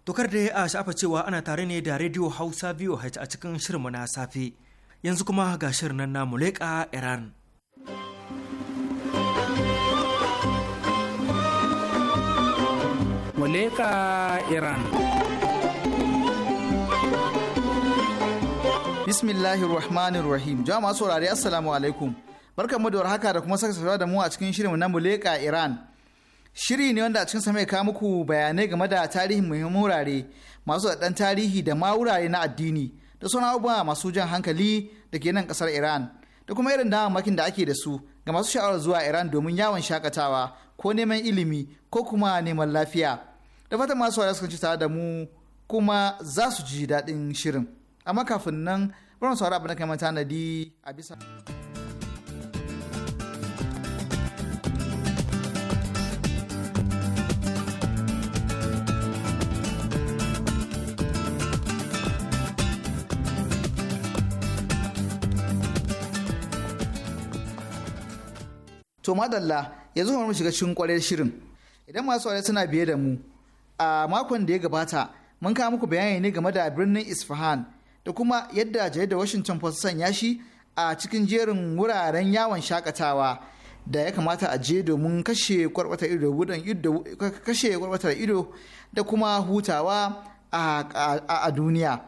Dokar da a shafa cewa ana tare ne da Radio Hausa VOH a cikin shirinmu na safe. Yanzu kuma ga shirin nan na Muleka Iran. Moleka iran bismillahir rahmanir rahim jama'a masu saurari assalamu alaikum barka mu da warhaka da kuma saka da mu a cikin shirin na muleka iran shiri ne wanda a cikin mai kawo muku bayanai game da tarihin muhimman wurare masu da tarihi da ma wurare na addini da sauran abubuwa masu jan hankali da ke nan kasar iran da kuma irin damammakin da ake da su ga masu sha'awar zuwa iran domin yawon shakatawa ko neman ilimi ko kuma neman lafiya da fata masu wa suka ci tare da mu kuma za su ji daɗin shirin amma kafin nan bari mu abu na kai mata nadi a bisa To madalla yanzu mu shiga cikin kwarar shirin. Idan masu aure suna biye da mu a makon da ya gabata mun kawo muku bayani ne game da birnin isfahan da kuma yadda jaridar washington post sanya shi a cikin jerin wuraren yawon shakatawa da ya kamata a je domin kashe kwarbatar ido da kuma hutawa a duniya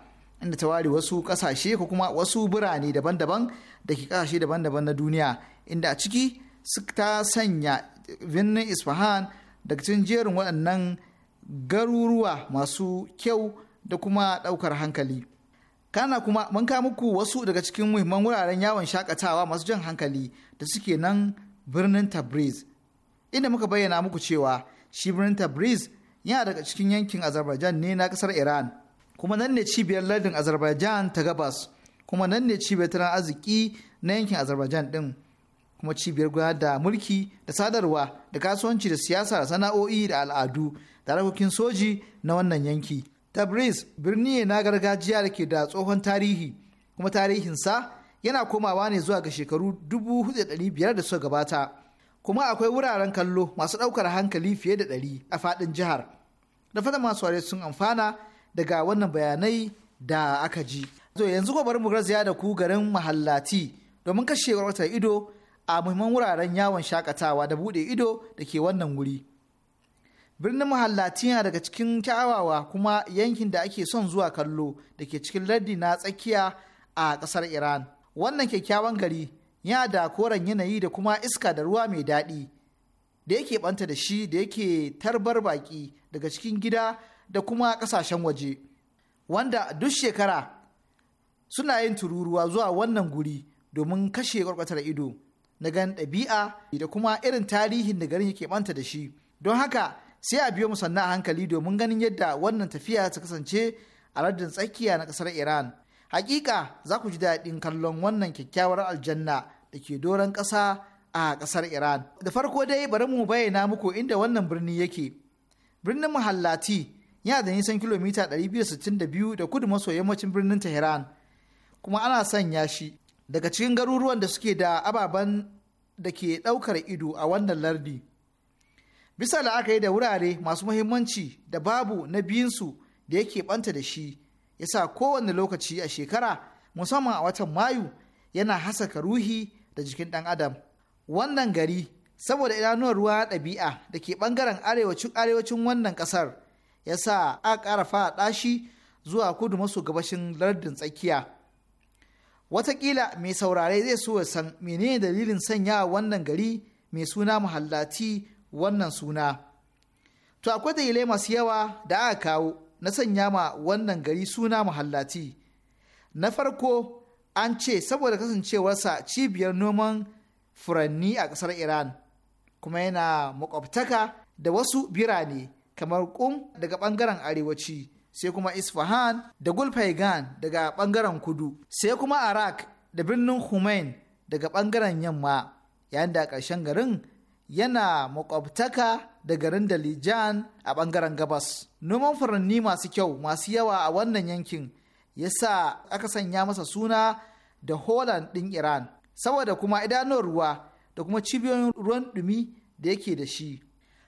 inda ta ware wasu kasashe ko kuma wasu birane daban-daban da ke kasashe daban-daban na duniya inda a ciki ta sanya birnin isfahan daga cikin jerin waɗannan garuruwa masu kyau da kuma ɗaukar hankali. Kana kuma mun ka muku wasu daga cikin muhimman wuraren yawon shakatawa masu jan hankali da suke nan birnin Tabriz. Inda muka bayyana muku cewa shi birnin Tabriz yana daga cikin yankin Azerbaijan ne na ƙasar Iran. Kuma nan ne cibiyar lardin Azerbaijan ta gabas. Kuma nan ne cibiyar tattalin arziki na yankin Azerbaijan ɗin. kuma cibiyar gudanar da mulki da sadarwa da kasuwanci da siyasa da sana'o'i da al'adu da harkokin soji na wannan yanki. Tabriz birni ne na gargajiya da ke da tsohon tarihi kuma tarihinsa yana komawa ne zuwa ga shekaru dubu 1500 da suka gabata. Kuma akwai wuraren kallo masu ɗaukar hankali fiye da ɗari a faɗin jihar. Da fata masu sun amfana daga wannan bayanai da aka ji. yanzu ko bari mu garzaya da ku garin mahallati domin kashe wata ido a muhimman wuraren yawon shakatawa da bude ido da ke wannan wuri. Birnin Mahallati yana daga cikin kyawawa kuma yankin da ake son zuwa kallo da ke cikin lardi na tsakiya a ƙasar Iran. Wannan kyakkyawan gari ya da koren yanayi da kuma iska da ruwa mai daɗi da yake ɓanta da shi da yake tarbar baƙi daga cikin gida da kuma ƙasashen waje. Wanda duk shekara suna yin tururuwa zuwa wannan guri domin kashe ido. na ganin ɗabi'a da kuma irin tarihin da garin yake manta da shi don haka sai a biyo musanna a hankali domin ganin yadda wannan tafiya ta kasance a lardin tsakiya na ƙasar iran hakika za ku ji daɗin kallon wannan kyakkyawar aljanna da ke doron ƙasa a ƙasar iran da farko dai bari mu bayyana muku inda wannan birni yake birnin mahallati yana da nisan kilomita 262 da kudu maso yammacin birnin Tehran kuma ana sanya shi daga cikin garuruwan da suke da ababen da ke ɗaukar ido a wannan lardi bisa la'akari da wurare masu muhimmanci da babu na biyunsu da yake ɓanta da shi yasa kowane lokaci a shekara musamman a watan mayu yana hasaka ruhi da jikin ɗan adam wannan gari saboda idanuwar ruwa ɗabi'a da ke ɓangaren arewacin wannan ƙasar ya sa a ƙara fara ɗashi zuwa kudu maso gabashin lardin tsakiya Wataƙila mai saurare zai so ya san menene dalilin sanya wannan gari mai suna muhallati wannan suna. To akwai dalilai masu yawa da aka kawo na sanya ma wannan gari suna muhallati. Na farko an ce saboda kasancewarsa cibiyar noman furanni a ƙasar Iran kuma yana makwabtaka da wasu birane kamar ƙum daga ɓangaren arewaci sai kuma Isfahan da Gulfaigan daga ɓangaren kudu, sai kuma Arak da birnin Humain daga ɓangaren yamma, yayin da ƙarshen garin yana makwabtaka da garin Dalijan a ɓangaren gabas. Noman furanni masu kyau masu yawa a wannan yankin ya sa aka sanya masa suna da Holland ɗin Iran, saboda kuma idanun ruwa da kuma cibiyoyin ruwan dumi da yake da shi.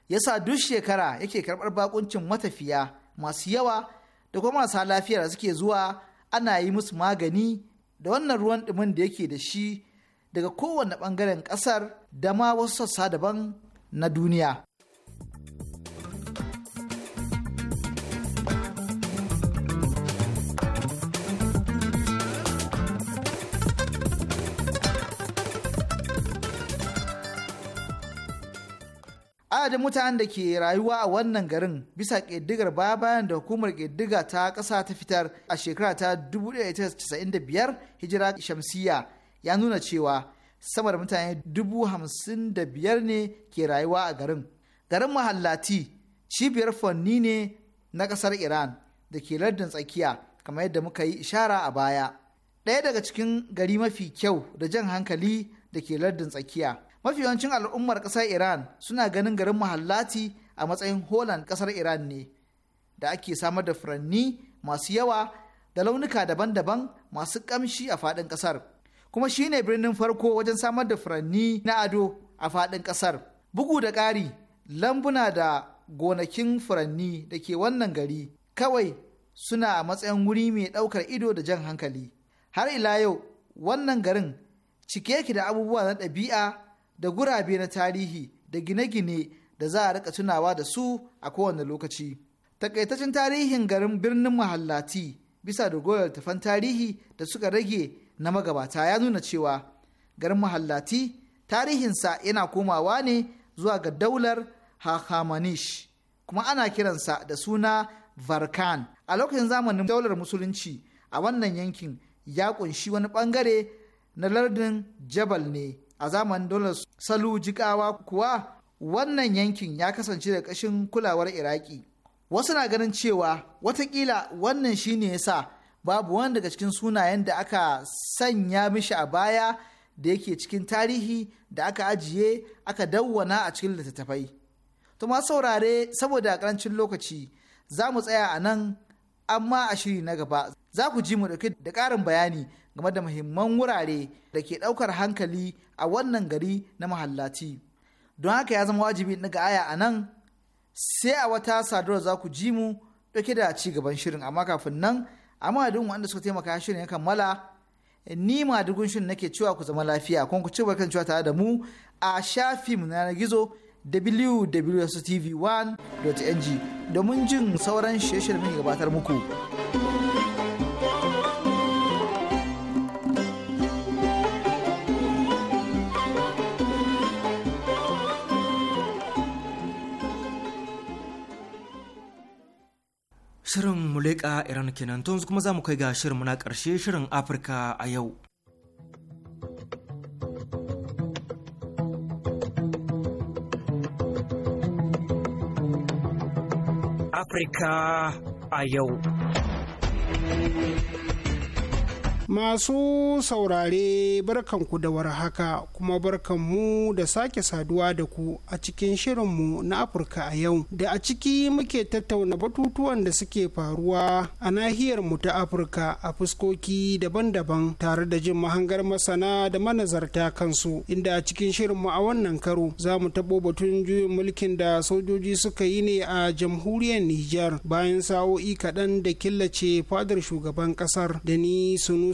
Ya sa duk shekara yake karɓar bakuncin matafiya masu yawa da kuma marasa lafiyar suke zuwa ana yi musu magani da wannan ruwan ɗumin da yake da shi daga kowane ɓangaren ƙasar da ma wasu sassa daban na duniya. da mutanen da ke rayuwa a wannan garin bisa ƙiddigar baya bayan da hukumar ƙiddiga ta ƙasa ta fitar a shekara ta 1995 hijira shamsiya ya nuna cewa sama da mutane 55,000 ne ke rayuwa a garin. Garin mahallati cibiyar fanni ne na ƙasar Iran da ke lardin tsakiya kamar yadda muka yi ishara a baya. Ɗaya daga cikin gari mafi kyau da jan hankali da ke lardin tsakiya. mafi yawancin al'ummar ƙasar iran suna ganin garin mahallati a matsayin holand ƙasar iran ne da ake samar da furanni masu yawa da launuka daban-daban masu ƙamshi a faɗin ƙasar kuma shi ne birnin farko wajen samar da furanni na ado a faɗin ƙasar bugu da ƙari lambuna da gonakin furanni da ke wannan gari kawai suna a matsayin wuri mai ɗaukar ido da jan hankali har ila yau wannan garin cike yake da abubuwa na ɗabi'a da gurabe na tarihi da gine-gine da za a rika tunawa da su a kowane lokaci. Takaitaccen tarihin garin birnin mahallati bisa da goyon tafan tarihi da suka rage na magabata ya nuna cewa garin mahallati tarihinsa yana komawa ne zuwa ga daular Hakamanish kuma ana kiransa da suna Varkan. A lokacin zamanin daular musulunci a wannan yankin ya ƙunshi wani ɓangare na lardin Jabal ne a zamanin dole salu jikawa kuwa wannan yankin ya kasance da ƙashin kulawar iraki wasu na ganin cewa watakila wannan shine yasa babu wani daga cikin sunayen da aka sanya mishi a baya da yake cikin tarihi da aka ajiye aka dawwana a cikin littattafai to ma saurare saboda karancin lokaci za mu tsaya a nan amma a shiri na gaba za ku ji mu dauke da ƙarin bayani game da muhimman wurare da ke ɗaukar hankali a wannan gari na mahallaci don haka ya zama wajibi daga aya a nan sai a wata sadarwa za ku ji mu ɗauke da ci gaban shirin amma kafin nan a madadin wanda suka taimaka shirin ya kammala ni ma shirin nake cewa ku zama lafiya kuma ku ci kan cewa tare da mu a mu na gizo www.tv1.ng domin jin sauran shirye-shiryen gabatar muku. Shirin Muleka Iran kenan tun kuma za mu kai ga shirin muna ƙarshe shirin Afirka a yau. Afirka a yau. Masu saurare barkanku da warhaka kuma barkanmu da sake saduwa da ku a cikin shirinmu na Afirka a yau da a ciki muke tattauna batutuwan da suke faruwa a nahiyar mu ta Afirka a fuskoki daban-daban tare da jin mahangar masana da manazarta kansu inda a cikin shirinmu a wannan karo za mu tabo batun juyin mulkin da sojoji suka yi ne a jamhuriyar Nijar bayan sa'o'i kaɗan da killace fadar shugaban ƙasar da ni sunu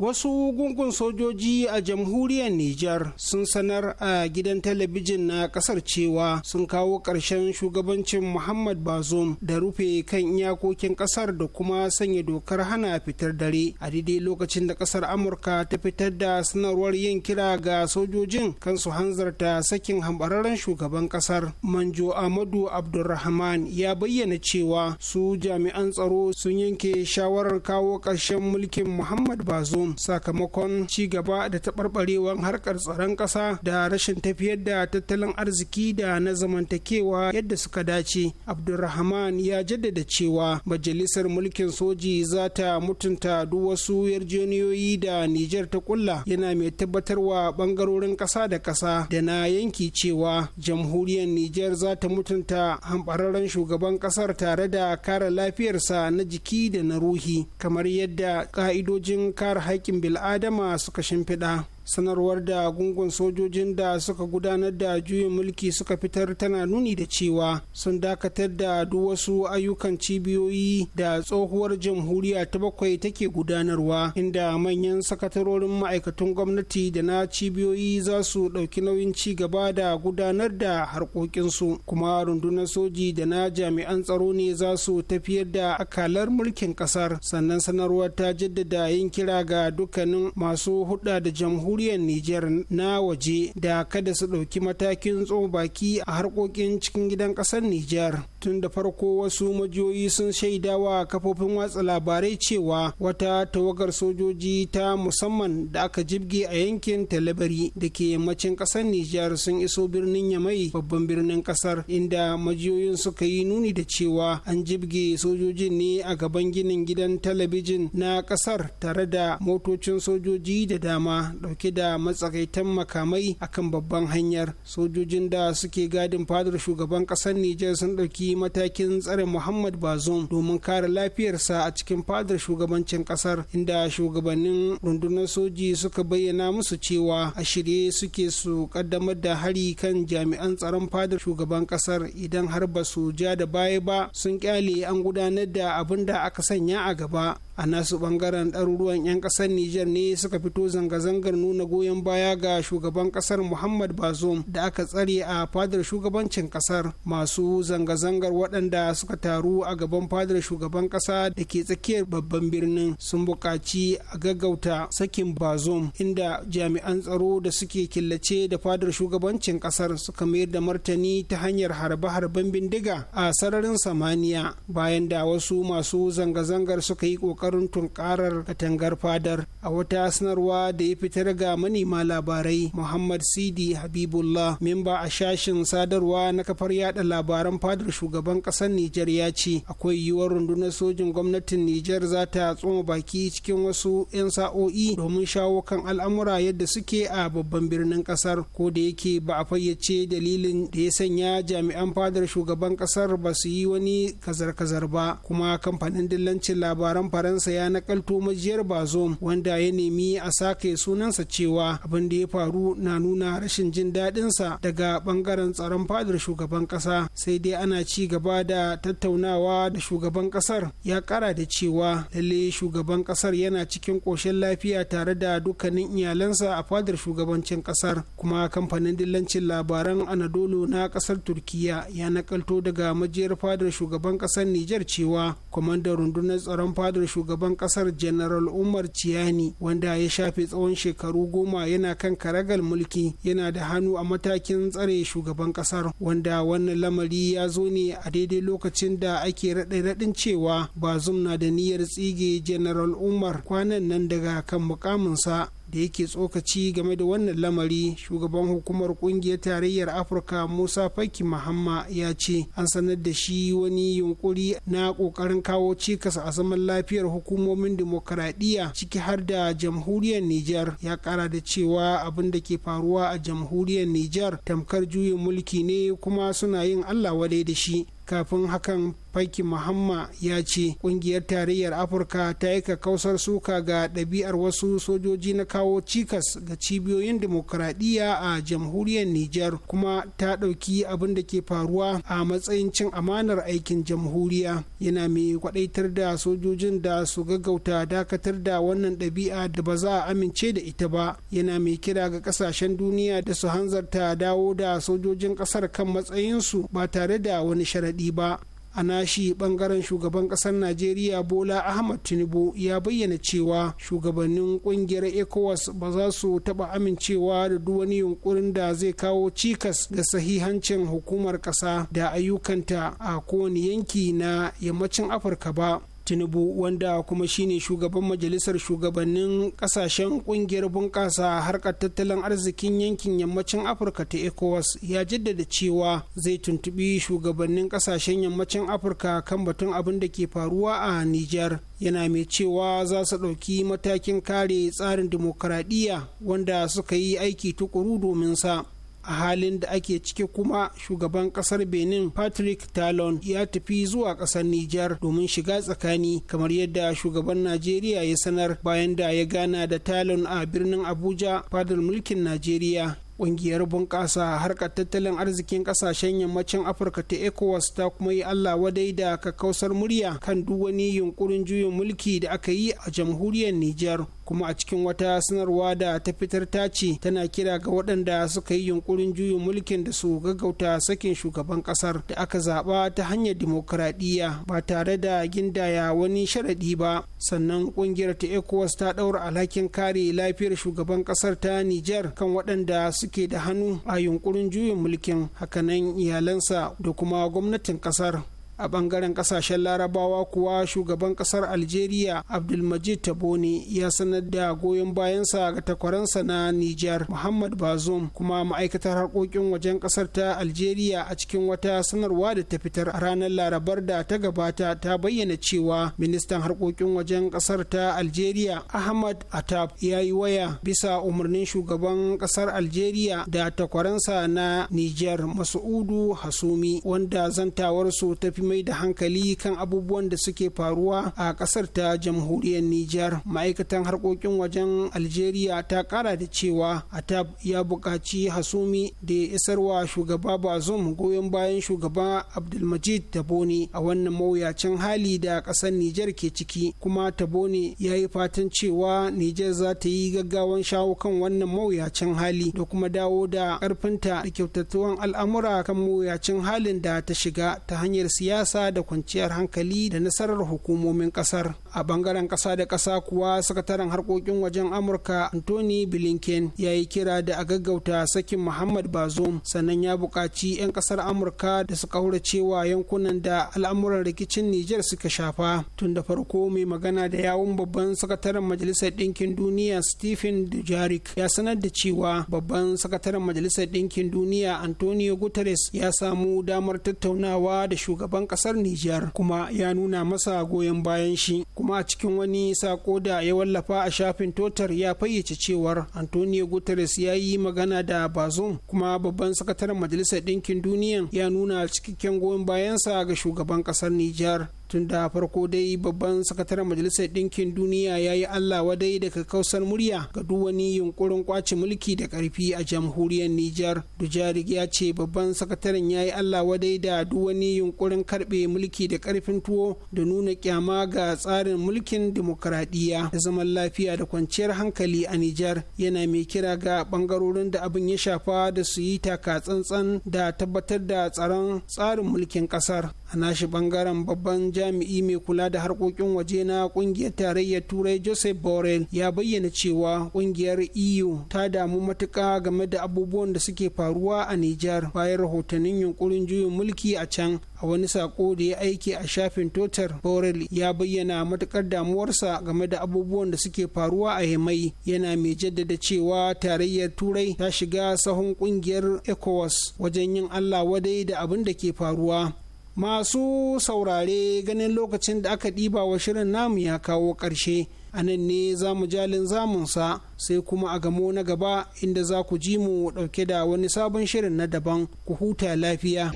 Wasu gungun sojoji a jamhuriyar Nijar sun sanar a gidan talabijin na kasar cewa sun kawo ƙarshen shugabancin Muhammad Bazoum da rufe kan iyakokin kasar da kuma sanya dokar hana fitar dare a daidai lokacin da kasar Amurka ta fitar da sanarwar yin kira ga sojojin kan su hanzarta sakin hambararren shugaban kasar Manjo Amadu Abdulrahman ya bayyana cewa su jami'an tsaro sun yanke shawarar kawo ƙarshen mulkin Muhammad Bazoum sakamakon ci gaba da taɓarɓarewar harkar tsaron ƙasa da rashin tafiyar da tattalin arziki da na zamantakewa yadda suka dace abdulrahman ya jaddada cewa majalisar mulkin soji za ta mutunta duk wasu yarjejeniyoyi da nijar ta kulla yana mai tabbatarwa ɓangarorin ƙasa da ƙasa da na yanki cewa jamhuriyar nijar za ta mutunta hambararren shugaban ƙasar tare da kare lafiyarsa na jiki da na ruhi kamar yadda ƙa'idojin kare haƙƙin bil'adama suka shimfiɗa sanarwar da gungun sojojin da suka gudanar da juyin mulki suka fitar tana nuni da cewa sun dakatar da duk wasu ayyukan cibiyoyi da tsohuwar jamhuriya ta bakwai take gudanarwa inda manyan sakatarorin ma'aikatan gwamnati da na cibiyoyi za su ɗauki nauyin ci gaba da gudanar da harkokinsu kuma rundunar soji da na jami'an tsaro ne za su tafiyar da akalar mulkin ƙasar sannan sanarwar ta jaddada yin kira ga dukkanin masu hudda da jamhuriya jamhuriyar Nijar na waje da kada su ɗauki matakin tsobaki baki a harkokin cikin gidan ƙasar Nijar. Tun da farko wasu majiyoyi sun shaidawa kafofin watsa labarai cewa wata tawagar sojoji ta musamman da aka jibge a yankin Talabari da ke yammacin ƙasar Nijar sun iso birnin Yamai babban birnin ƙasar inda majiyoyin suka yi nuni da cewa an jibge sojoji ne a gaban ginin gidan talabijin na ƙasar tare da motocin sojoji da dama dauke da matsakaitan makamai akan babban hanyar sojojin da suke gadin fadar shugaban kasar Nijar sun ɗauki matakin tsare Muhammad Bazoum domin kare lafiyarsa a cikin fadar shugabancin kasar inda shugabannin rundunar soji suka bayyana musu cewa a shirye suke su kaddamar da hari kan jami'an tsaron fadar shugaban kasar idan har ba su ja da baya ba sun kyale an gudanar da abin da aka sanya a gaba a nasu bangaren ɗaruruwan 'yan ƙasar Nijar ne suka fito zanga-zangar nuna goyon baya ga shugaban ƙasar Muhammad Bazoum da aka tsare a fadar shugabancin ƙasar masu zanga-zangar waɗanda suka taru a gaban fadar shugaban ƙasa da ke tsakiyar babban birnin sun buƙaci a gaggauta sakin Bazoum inda jami'an tsaro da suke killace da fadar shugabancin ƙasar suka mayar da martani ta hanyar harbe-harben bindiga a sararin samaniya bayan da wasu masu zanga-zangar suka yi ƙoƙarin kokarin tunkarar katangar fadar a wata sanarwa da ya fitar ga manema labarai muhammad sidi habibullah memba a shashin sadarwa na kafar yada labaran fadar shugaban kasar nijar ya ce akwai yiwuwar rundunar sojin gwamnatin nijar za ta tsoma baki cikin wasu 'yan sa'o'i domin shawo kan al'amura yadda suke a babban birnin kasar ko da yake ba a fayyace dalilin da ya sanya jami'an fadar shugaban kasar ba su yi wani kazar-kazar ba kuma kamfanin dillancin labaran faransa ɗansa ya nakalto majiyar bazom wanda ya nemi a sake sunansa cewa abin da ya faru na nuna rashin jin daɗinsa daga bangaren tsaron fadar shugaban ƙasa sai dai ana ci gaba da tattaunawa da shugaban ƙasar ya ƙara da cewa lalle shugaban ƙasar yana cikin ƙoshin lafiya tare da dukkanin iyalansa a fadar shugabancin ƙasar kuma kamfanin dillancin labaran anadolu na ƙasar turkiya ya nakalto daga majiyar fadar shugaban ƙasar nijar cewa kwamandan rundunar tsaron fadar shugaban shugaban kasar general umar ciyani wanda ya shafe tsawon shekaru goma yana kan karagal mulki yana da hannu a matakin tsare shugaban kasar wanda wannan lamari ya zo ne a daidai lokacin da ake raɗe raɗin cewa bazum na da niyyar tsige general umar kwanan nan daga kan mukaminsa da yake tsokaci game da wannan lamari shugaban hukumar kungiyar tarayyar afirka musa faki mahamma ya ce an sanar da shi wani yunkuri na kokarin kawo cikas a zaman lafiyar hukumomin demokaradiyya ciki har da jamhuriyar nijar ya kara da cewa abin da ke faruwa a jamhuriyar nijar tamkar juyin mulki ne kuma suna yin allah wadai da shi kafin hakan faiki muhamma ya ce kungiyar tarayyar afirka ta yi kausar suka ga ɗabi'ar wasu sojoji na kawo cikas ga cibiyoyin demokuraɗiyya a jamhuriyar nijar kuma ta ɗauki abin da ke faruwa a matsayin cin amanar aikin jamhuriya yana mai kwaɗaitar da sojojin da su gaggauta dakatar da wannan ɗabi'a da ba za a amince da ita ba yana mai kira ga ƙasashen duniya da su hanzarta dawo da sojojin ƙasar kan matsayinsu ba tare da wani sharaɗi daɗi ba a nashi bangaren shugaban ƙasar najeriya bola ahmad tinubu ya bayyana cewa shugabannin ƙungiyar ecowas ba za su taɓa amincewa da duk wani yunkurin da zai kawo cikas ga sahihancin hukumar ƙasa da ayyukanta a kowane yanki na yammacin afirka ba tinubu wanda kuma shine shugaban majalisar shugabannin kasashen kungiyar bunƙasa harkar tattalin arzikin yankin yammacin afirka ta ecowas ya jaddada cewa zai tuntubi shugabannin kasashen yammacin afirka kan batun abin da ke faruwa a Niger yana mai cewa za su ɗauki matakin kare tsarin dimokuraɗiyya wanda suka yi aiki tukuru domin sa a halin da ake ciki kuma shugaban kasar benin patrick talon ya tafi zuwa kasar niger domin shiga tsakani kamar yadda shugaban najeriya ya sanar bayan da ya gana da talon a birnin abuja fadar mulkin najeriya Ƙungiyar bunƙasa harkar tattalin arzikin ƙasashen yammacin Afirka ta ECOWAS ta kuma yi Allah wadai da kakausar murya kan duk wani yunkurin juyin mulki da aka yi a jamhuriyar Nijar kuma a cikin wata sanarwa da ta fitar ta ce tana kira ga waɗanda suka yi yunkurin juyin mulkin da su gaggauta sakin shugaban ƙasar da aka zaɓa ta hanyar dimokuraɗiyya ba tare da gindaya wani sharaɗi ba sannan ƙungiyar ta ecowas ta ɗaura alhakin kare lafiyar shugaban ƙasar ta nijar kan waɗanda suke da hannu a yunkurin juyin mulkin hakanan iyalansa da kuma gwamnatin ƙasar a bangaren kasashen larabawa kuwa shugaban kasar algeria abdulmajid tabone ya sanar da goyon bayansa ga takwaransa na Niger muhammad bazoum kuma ma'aikatar harkokin wajen kasar ta algeria a cikin wata sanarwa da ta fitar a ranar larabar da ta gabata ta bayyana cewa ministan harkokin wajen kasar ta algeria ahmad atab ya yi waya bisa umarnin shugaban kasar algeria da takwaransa na Niger masu'udu hasumi wanda zantawarsu ta fi mai da hankali kan abubuwan da suke faruwa a kasar ta jamhuriyar Nijar. Ma'aikatan harkokin wajen Algeria ta kara da cewa Atab ya buƙaci Hasumi da ya isarwa shugaba Bazoum goyon bayan shugaba Abdulmajid Taboni a wannan mawuyacin hali da ƙasar Nijar ke ciki kuma Taboni ya yi fatan cewa Nijar za ta yi gaggawan shawo kan wannan mawuyacin hali da kuma dawo da ƙarfinta da kyautatuwan al'amura kan mawuyacin halin da ta shiga ta hanyar siyasa siyasa da kwanciyar hankali da nasarar hukumomin kasar a bangaren kasa da kasa kuwa sakataren harkokin wajen amurka anthony blinken ya yi kira da a gaggauta sakin muhammad bazoum sannan ya buƙaci 'yan kasar amurka da su kaura cewa yankunan da al'amuran rikicin niger suka shafa tun da farko mai magana da yawun babban sakataren majalisar ɗinkin duniya stephen dujarik ya sanar da cewa babban sakataren majalisar ɗinkin duniya antonio guterres ya samu damar tattaunawa da shugaban shugaban kasar Nijar kuma ya nuna masa goyon bayan shi kuma a cikin wani sako da ya wallafa a shafin totar ya fayyace cewar Antonio Guterres ya yi magana da Bazoum kuma babban sakataren Majalisar Ɗinkin Duniya ya nuna cikakken goyon bayansa ga shugaban kasar Nijar tun da farko dai babban sakataren majalisar ɗinkin duniya ya yi allah wadai daga kausar murya ga duwani wani yunkurin kwace mulki da ƙarfi a jamhuriyar nijar dujarig ya ce babban sakataren ya yi allah wadai da duwani wani yunkurin karɓe mulki da ƙarfin tuwo da nuna kyama ga tsarin mulkin dimokuraɗiyya da zaman lafiya da kwanciyar hankali a nijar yana mai kira ga ɓangarorin da abin ya shafa da su yi taka tsantsan da tabbatar da tsaron tsarin mulkin ƙasar a nashi bangaren babban jami'i mai kula da harkokin waje na kungiyar tarayyar turai joseph borrell ya bayyana cewa kungiyar eu ta damu matuka game da abubuwan da suke faruwa a nijar bayan rahotannin yunkurin juyin mulki a can a wani sako da ya aiki a shafin totar borrell ya bayyana matukar damuwarsa game da abubuwan da suke faruwa a yamai yana mai jaddada cewa tarayyar turai ta shiga sahun kungiyar ecowas wajen yin allah wadai da abin da ke faruwa masu saurare ganin lokacin da aka ɗiba wa shirin namu ya kawo ƙarshe a nan ne za mu jalin zamunsa sai kuma a gamo na gaba inda za ku ji mu ɗauke da wani sabon shirin na daban ku huta lafiya.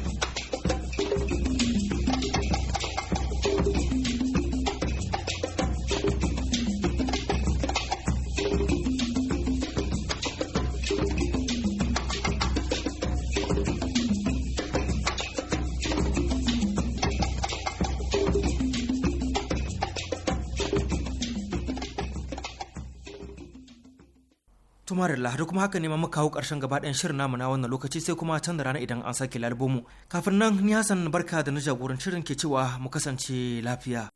kuma rilla da kuma haka ne ma muka kawo karshen gaba ɗayan shirin namu na wannan lokaci sai kuma can da rana idan an sake lalbomu kafin nan ni Hassan barka da na jagorancin shirin ke cewa mu kasance lafiya.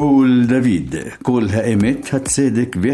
كول دافيد كول هائمت هتسيدك